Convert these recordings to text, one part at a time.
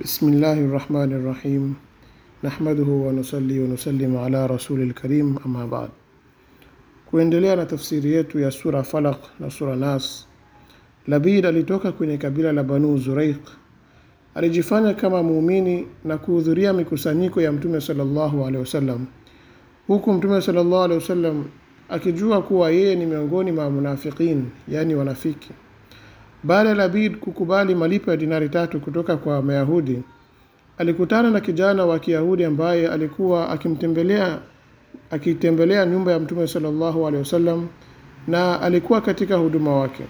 Bismillahi rahmani rahim nahmaduhu wanusali wanusalim ala rasuli lkarim amma Kuendelea na tafsiri yetu ya sura Falaq na sura Nas, Labid alitoka kwenye kabila la Banu Zuraiq, alijifanya kama muumini na kuhudhuria mikusanyiko ya Mtume sallallahu alaihi wasallam, huku Mtume sallallahu alaihi wasallam akijua kuwa yeye ni miongoni mwa munafiqin, yani wanafiki. Baada ya Labid kukubali malipo ya dinari tatu kutoka kwa Mayahudi, alikutana na kijana wa Kiyahudi ambaye alikuwa akimtembelea akitembelea nyumba ya Mtume sallallahu alaihi wasallam na alikuwa katika huduma wake.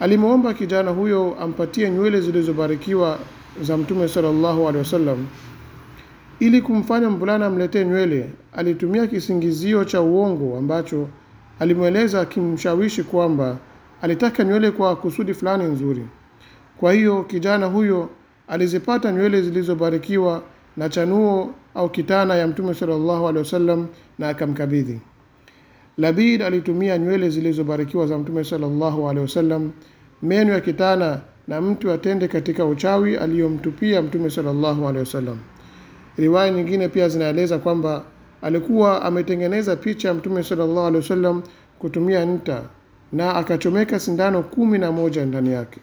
Alimwomba kijana huyo ampatie nywele zilizobarikiwa za Mtume sallallahu alaihi wasallam. Ili kumfanya mvulana amletee nywele, alitumia kisingizio cha uongo ambacho alimweleza akimshawishi kwamba alitaka nywele kwa kusudi fulani nzuri. Kwa hiyo kijana huyo alizipata nywele zilizobarikiwa na chanuo au kitana ya Mtume sallallahu alaihi wasallam na akamkabidhi. Labid alitumia nywele zilizobarikiwa za Mtume sallallahu alaihi wasallam, meno ya kitana na mtu atende katika uchawi aliyomtupia Mtume sallallahu alaihi wasallam. Riwaya nyingine pia zinaeleza kwamba alikuwa ametengeneza picha ya Mtume sallallahu alaihi wasallam kutumia nta na akachomeka sindano kumi na moja ndani yake.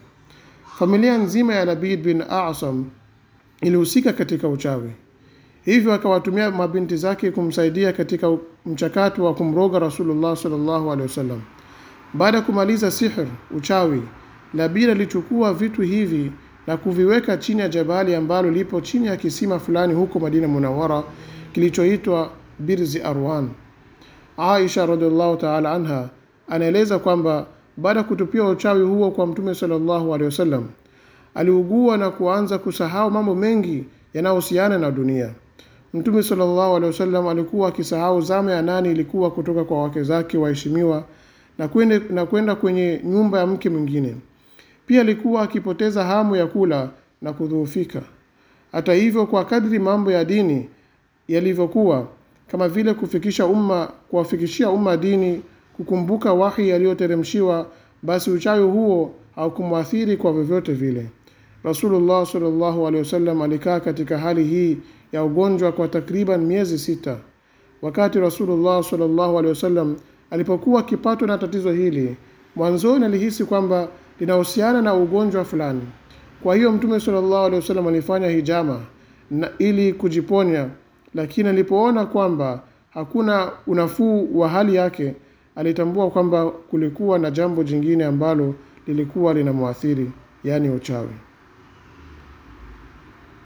Familia nzima ya Labid bin Asam ilihusika katika uchawi, hivyo akawatumia mabinti zake kumsaidia katika mchakato wa kumroga Rasulullah sallallahu alaihi wasallam. Baada ya kumaliza sihr, uchawi, Labid alichukua vitu hivi na kuviweka chini ya jabali ambalo lipo chini ya kisima fulani huko Madina Munawara kilichoitwa Birzi Arwan. Aisha radhiallahu ta'ala anha anaeleza kwamba baada ya kutupia uchawi huo kwa mtume sallallahu alaihi wasallam aliugua na kuanza kusahau mambo mengi yanayohusiana na dunia mtume sallallahu alaihi wasallam alikuwa akisahau zama ya nani ilikuwa kutoka kwa wake zake waheshimiwa na kwenda na kwenda kwenye nyumba ya mke mwingine pia alikuwa akipoteza hamu ya kula na kudhoofika hata hivyo kwa kadri mambo ya dini yalivyokuwa kama vile kufikisha umma kuwafikishia umma dini kukumbuka wahi aliyoteremshiwa, basi uchawi huo haukumwathiri kwa vyovyote vile. Rasulullah sallallahu alaihi wasallam alikaa katika hali hii ya ugonjwa kwa takriban miezi sita. Wakati Rasulullah sallallahu alaihi wasallam alipokuwa akipatwa na tatizo hili, mwanzoni alihisi kwamba linahusiana na ugonjwa fulani. Kwa hiyo Mtume sallallahu alaihi wasallam alifanya hijama na ili kujiponya, lakini alipoona kwamba hakuna unafuu wa hali yake, alitambua kwamba kulikuwa na jambo jingine ambalo lilikuwa linamwathiri, yaani uchawi.